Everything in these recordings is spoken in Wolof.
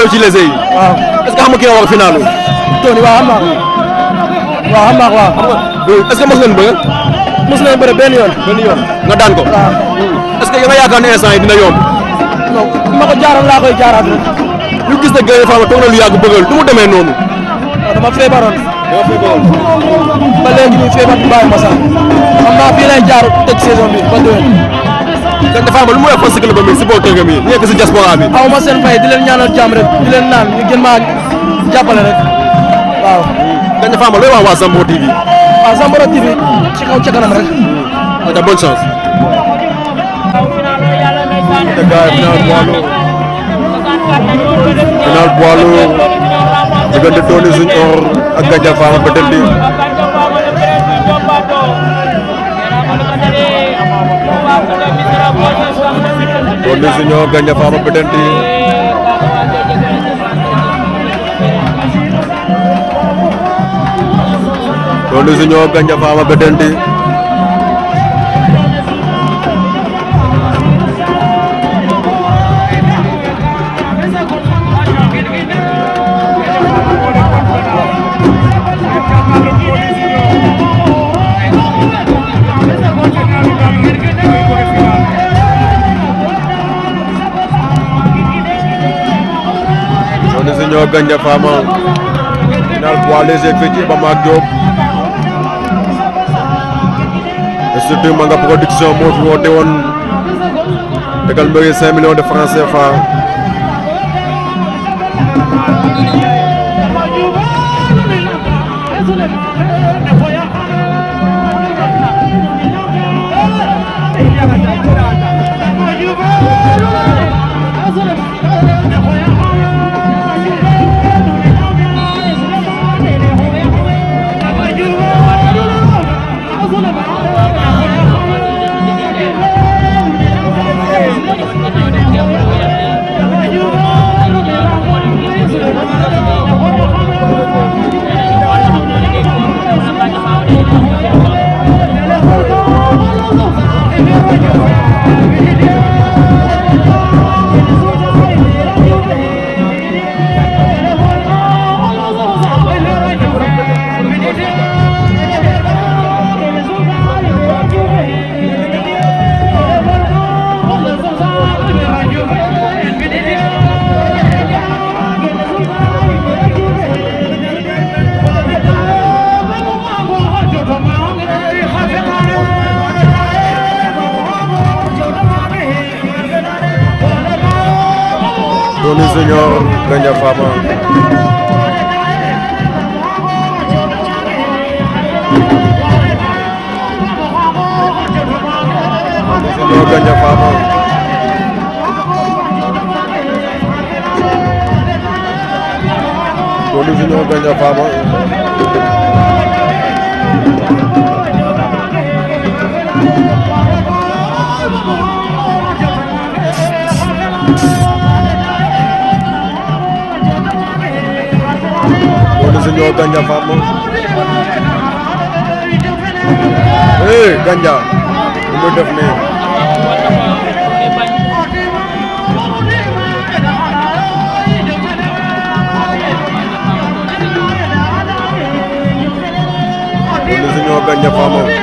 finaalu ci les yi. waaw est ce que xam nga ki nga wax finaalu. Tony waaw xam naa ko waaw xam naa ko waaw. est ce que mos ngeen bëgg. mos nañ nga daan ko. waaw nga yaakaar instant yi dina yomb. non ma ko jaaroon laa koy jaaraat rek. ñu gis ne Gaye Fatma toog na lu yàgg bëggal du mu demee noonu. waaw dama feebaroon. dama feebaroon. ba léegi nii feebar bi bàyyi ma sax xam naa fii lay jaar saison bi ba déwén. dafa am lu mu wax cycle ba mi supporter nga mi nekk si diaspora bi aw seen fay di leen ñaanal jàmm rek di leen naan ñu gën maa jàppale rek waaw dañ dafa looy wax waa Zambro TV waaw Zambro TV ci kaw rek da bonne chance te gars yi final Boileau final Boileau diggante Tony Junior ak Gandial Fama Beteli నో గంజ ఫామ పెట్టండి రెండు నో గంజ ఫామ పెట్టండి di si ñëw Gandia Fama final poids léger fii ci Iba Mar Diop surtout Manga production moo fi woote woon tegal mbëri 5 de francs CFA Junior Gandia Fama Junior Gandia Fama Tony Junior Gandia Fama ñoo Gandia Fama eh Gandia lu mu def nii loolu si ñoo Gandia Fama eh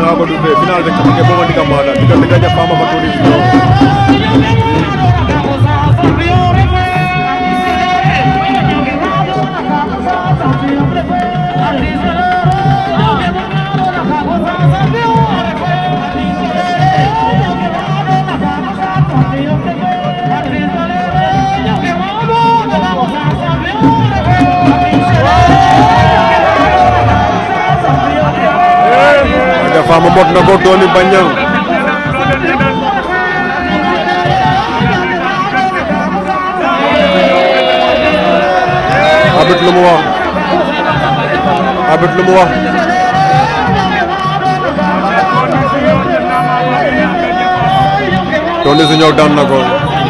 ne hawa dupe final victor ke bomani kamana kita tegaja pama patuni Ama mot na ko dooni bañ a. abit lu mu wax abit lu mu wax. dooni si ñëw daan na ko.